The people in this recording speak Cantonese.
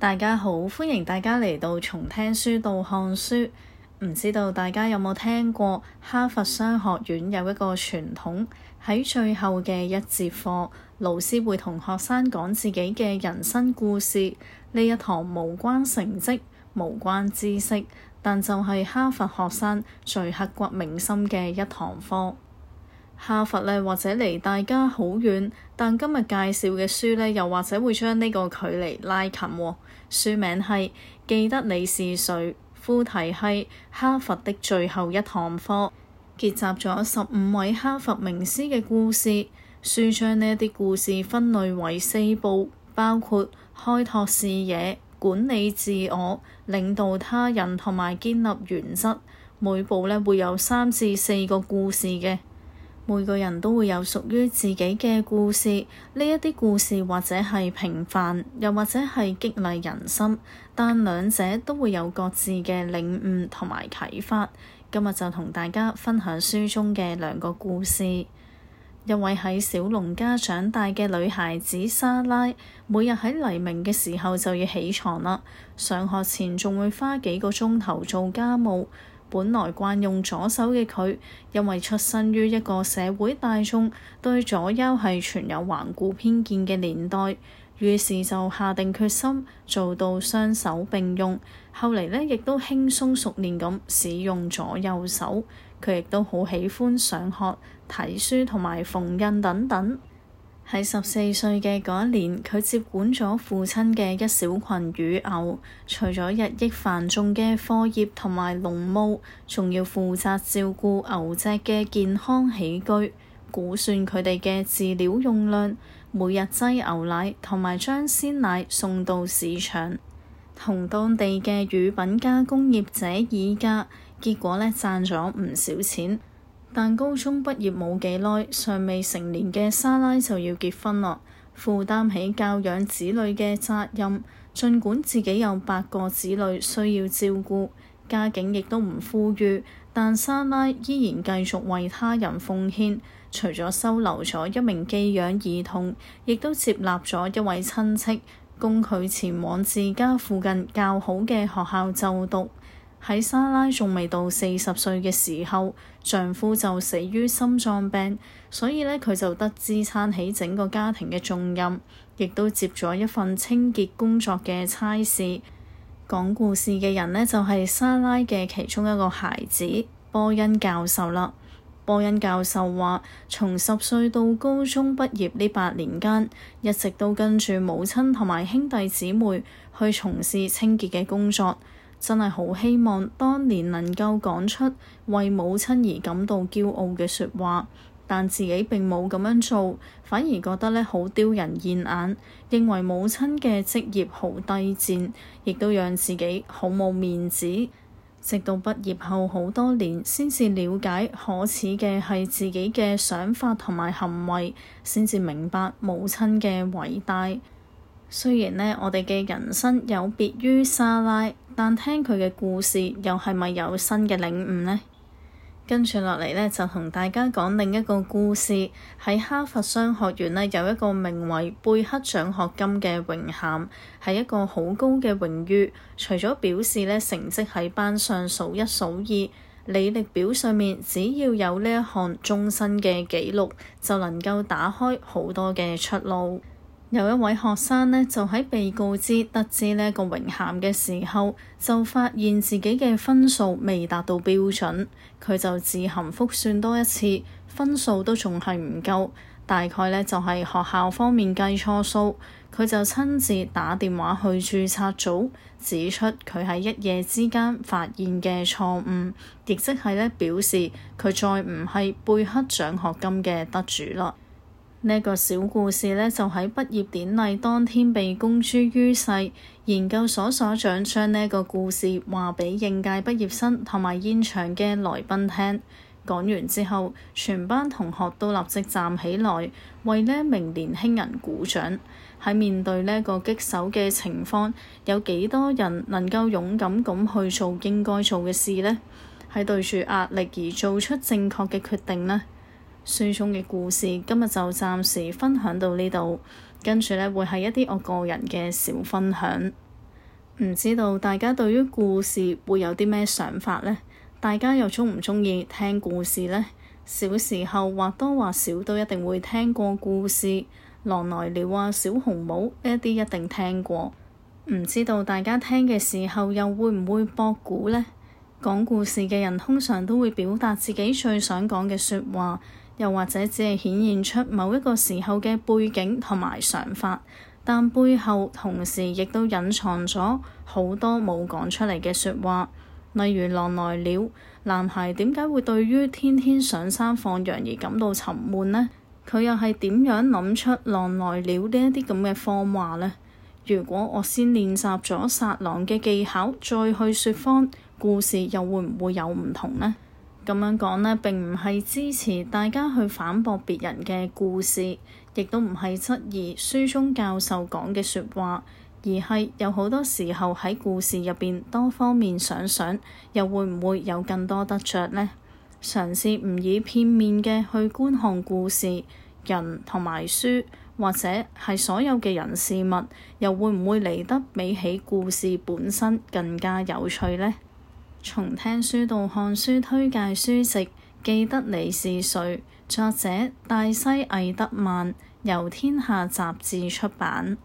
大家好，歡迎大家嚟到從聽書到看書。唔知道大家有冇聽過哈佛商學院有一個傳統，喺最後嘅一節課，老師會同學生講自己嘅人生故事。呢一堂無關成績，無關知識，但就係哈佛學生最刻骨銘心嘅一堂課。哈佛呢，或者離大家好遠，但今日介紹嘅書呢，又或者會將呢個距離拉近喔。書名係記得你是誰，副題係哈佛的最後一堂課，結集咗十五位哈佛名師嘅故事。書將呢啲故事分類為四部，包括開拓視野、管理自我、領導他人同埋建立原則，每部呢會有三至四個故事嘅。每個人都會有屬於自己嘅故事，呢一啲故事或者係平凡，又或者係激勵人心，但兩者都會有各自嘅領悟同埋啟發。今日就同大家分享書中嘅兩個故事。一位喺小農家長大嘅女孩子莎拉，每日喺黎明嘅時候就要起床啦，上學前仲會花幾個鐘頭做家務。本來慣用左手嘅佢，因為出身於一個社會大眾對左右係存有頑固偏見嘅年代，於是就下定決心做到雙手並用。後嚟呢，亦都輕鬆熟練咁使用左右手。佢亦都好喜歡上學、睇書同埋縫紉等等。喺十四歲嘅嗰一年，佢接管咗父親嘅一小群乳牛，除咗日益繁重嘅課業同埋農務，仲要負責照顧牛隻嘅健康起居，估算佢哋嘅飼料用量，每日擠牛奶同埋將鮮奶送到市場，同當地嘅乳品加工業者議價，結果咧，賺咗唔少錢。但高中畢業冇幾耐，尚未成年嘅莎拉就要結婚喇，負擔起教養子女嘅責任。儘管自己有八個子女需要照顧，家境亦都唔富裕，但莎拉依然繼續為他人奉獻。除咗收留咗一名寄養兒童，亦都接納咗一位親戚，供佢前往自家附近較好嘅學校就讀。喺莎拉仲未到四十歲嘅時候，丈夫就死於心臟病，所以咧佢就得支撐起整個家庭嘅重任，亦都接咗一份清潔工作嘅差事。講故事嘅人咧就係、是、莎拉嘅其中一個孩子波恩教授啦。波恩教授話，從十歲到高中畢業呢八年間，一直都跟住母親同埋兄弟姊妹去從事清潔嘅工作。真係好希望當年能夠講出為母親而感到驕傲嘅説話，但自己並冇咁樣做，反而覺得呢好丟人現眼，認為母親嘅職業好低賤，亦都讓自己好冇面子。直到畢業後好多年，先至了解可恥嘅係自己嘅想法同埋行為，先至明白母親嘅偉大。雖然呢，我哋嘅人生有別於沙拉。但聽佢嘅故事，又係咪有新嘅領悟呢？跟住落嚟呢，就同大家講另一個故事。喺哈佛商學院呢有一個名為貝克獎學金嘅榮銜，係一個好高嘅榮譽。除咗表示呢成績喺班上數一數二，履歷表上面只要有呢一項終身嘅記錄，就能夠打開好多嘅出路。有一位學生呢，就喺被告知得知呢一個榮銜嘅時候，就發現自己嘅分數未達到標準，佢就自行覆算多一次，分數都仲係唔夠。大概呢，就係學校方面計錯數，佢就親自打電話去註冊組指出佢喺一夜之間發現嘅錯誤，亦即係呢表示佢再唔係貝克獎學金嘅得主啦。呢一個小故事呢，就喺畢業典禮當天被公諸於世。研究所所長將呢個故事話畀應屆畢業生同埋現場嘅來賓聽。講完之後，全班同學都立即站起來，為呢名年輕人鼓掌。喺面對呢個棘手嘅情況，有幾多人能夠勇敢咁去做應該做嘅事呢？喺對住壓力而做出正確嘅決定呢？書中嘅故事，今日就暫時分享到呢度，跟住呢，會係一啲我個人嘅小分享。唔知道大家對於故事會有啲咩想法呢？大家又鍾唔鍾意聽故事呢？小時候或多或少都一定會聽過故事，《狼來了》啊，《小紅帽》呢一啲一定聽過。唔知道大家聽嘅時候又會唔會博古呢？講故事嘅人通常都會表達自己最想講嘅説話。又或者只係顯現出某一個時候嘅背景同埋想法，但背後同時亦都隱藏咗好多冇講出嚟嘅説話。例如狼來了，男孩點解會對於天天上山放羊而感到沉悶呢？佢又係點樣諗出狼來了呢一啲咁嘅謊話呢？如果我先練習咗殺狼嘅技巧，再去説謊，故事又會唔會有唔同呢？咁樣講呢，並唔係支持大家去反駁別人嘅故事，亦都唔係質疑書中教授講嘅説話，而係有好多時候喺故事入邊多方面想想，又會唔會有更多得着呢？嘗試唔以片面嘅去觀看故事、人同埋書，或者係所有嘅人事物，又會唔會嚟得比起故事本身更加有趣呢？從聽書到看書推介書籍《記得你是誰》，作者大西魏德曼，由天下雜誌出版。